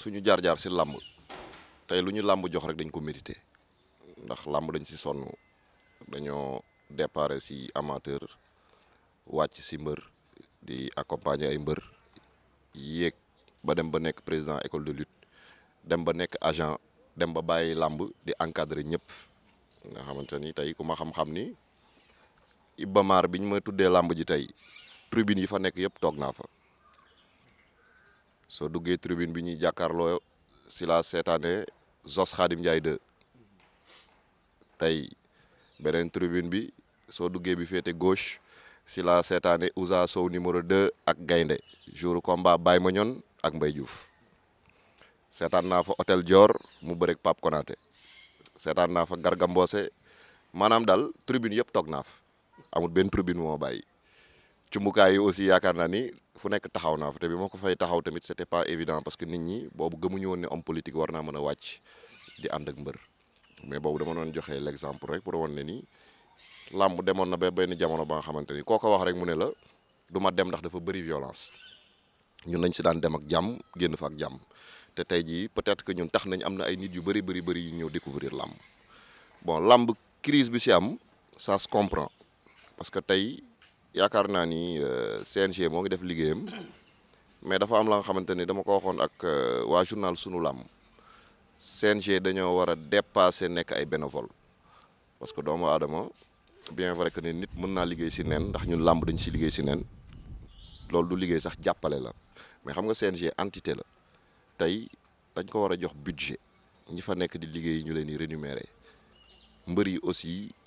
suñu jaar-jaar si lamb tay luñu lamb jox rek dañ ko mérité ndax lamb dañ si sonu dañu déparé si amateur wacc ci mbeur di accompagner ay mbeur yek ba dem ba nek président école de lutte dem ba nek agent dem ba lamb di encadrer ñëpp nga xamanteni ni tey ku ma xam-xam ni Ibamar biñ ma tuddé lamb ji tay tribune yi fa nek yep tok na fa soo duggee tribune bi ñuy jàkkaarloo si la seetaane Zos Khadim Ndiaye 2 tey beneen tribune bi soo duggee bi féete gauche si la seetaane Ousa Sow numéro deux ak Gaynde jour combat Baye Mañon ak Mbaye Diouf seetaan naa fa hôtel Dior mu bëreeg Pape Konaté seetaan naa fa Garga Mbossé maanaam daal tribune yëpp toog naa fa amul benn tribune moo bàyyi cumbukaay yi aussi yaakaar naa ni fu nek taxaw na fa te bi temit fay taxaw tamit c'était pas évident parce que nit ñi bobu gëmuñu woon ne homme politique war di and ak mbeur mais bobu dama non joxe l'exemple rek pour woon ni lamb demon na ba benn jamono ba xamanteni koko wax rek mune la duma dem ndax dafa bëri violence ñun lañ ci daan dem ak jam genn fa ak jam te tay ji peut-être que ñun tax nañ amna ay nit yu bëri bëri bëri yu ñew découvrir lamb bon lamb crise bi ci am ça se comprend parce que tay yaakaar naa ni euh, CNG moo ngi def liggéeyam mais dafa am la nga xamante ni dama ko waxoon ak euh, waa journal sunu lam CNG dañoo war a dépasser nekk ay bénévole parce que doomu aadama bien vrai que nit mën naa liggéey si nen ndax ñun lamb dañ si liggéey si nen loolu du liggéey sax jàppale la mais xam nga CNG entité la tey dañ ko war jox budget ñi fa nekk di liggéey ñu leen di rémunérer mbër yi aussi.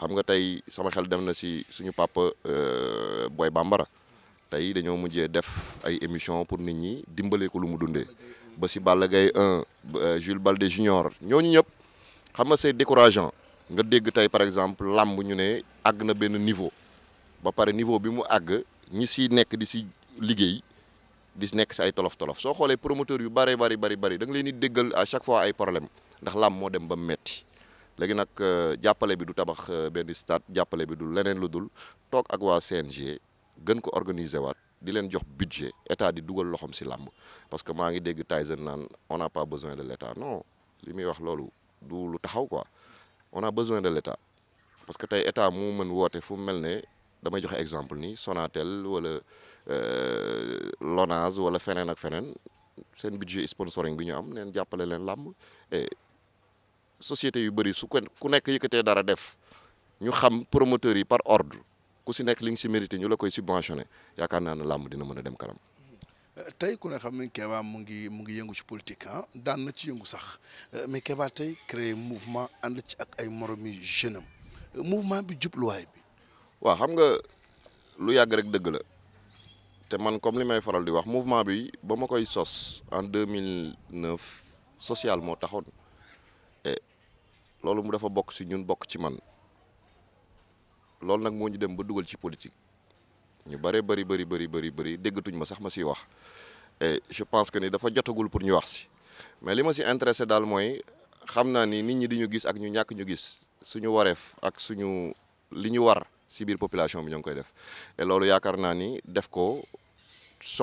xam nga tey sama xel dem na si suñu papa euh, booy Bambara tey dañoo mujjee def ay émission pour nit ñi dimbalee ko lu mu dundee ba si Balla gay 1 euh, Jules Balde junior ñooñu ñëpp xam nga see décourageant nga dégg tey par exemple làmb ñu ne àgg na benn niveau ba pare niveau bi mu àgg ñi si nekk di si liggéey di nekk si ay tolof tolof soo xoolee promoteur yu bari bari bari bari da leen di déggal à chaque fois ay problème ndax làmb moo dem ba mu metti léegi nag euh, jàppale bi du tabax euh, benn stade jàppale bi du leneen lu dul toog ak waa CNG gën ko organiser waat di leen jox budget état di dugal loxoom si làmb parce que maa ngi dégg Tyson naan on a pas besoin de l' état li muy wax loolu du lu taxaw quoi on a besoin de létat parce que tey état mu mën woote fu mel ne damay joxe exemple ni Sonatel wala euh, Lonase wala feneen ak feneen seen budget sponsoring bi ñu am neen jàppale leen làmb société yu bëri su ko ku nekk yëkkatee dara def ñu xam promoteurs yi par ordre ku si nekk li nga si mérité ñu la koy subventionné yaakaar naa ne làmb dina mën a dem kanam. Euh, tey ku ne xam ne Kéba mu ngi mu ngi yëngu ci politique ah, daan na ci yëngu sax euh, mais Kéba tey créer mouvement ànd ci ak ay moromi jeune am euh, mouvement bi jubluwaay bi. waaw xam nga lu yàgg rek dëgg la te man comme li may faral di wax mouvement bi ba ma koy sos en 2009 social moo taxoon. lolou mu dafa bok si ñun bok ci man lolou nak moo ñu dem ba duggal ci politique ñu bari bari bari bari bari bari deggatuñ ma sax ma eh, wax et je pense que ni dafa jotagul pour ñu wax si mais li ma si intéressé dal moy xamna ni nit ñi di ñu gis ak ñu ñak ñu gis suñu waref ak suñu li ñu war ci biir population bi ñong koy def et lolou yaakar na ni def ko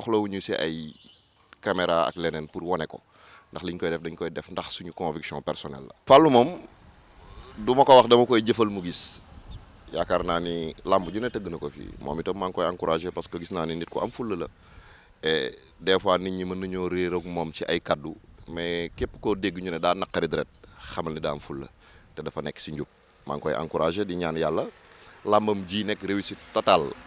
wuñu si ay caméra ak lenen pour woné ko ndax liñ koy def dañ koy def ndax suñu conviction personnelle la. du ma ko wax dama koy jëfal mu gis yaakaar naa ni làmb ju ne tëgg na ko fii moom itam maa ngi koy encouragé parce que gis naa ni nit ko am fulla la et des fois nit ñi mën nañoo réer ak moom ci ay kaddu mais képp koo dégg ñu ne daa naqari deret xamal ni daa am fulla te dafa nekk si njub maa ngi koy encouragé di ñaan yàlla làmbam ji nekk réussite totale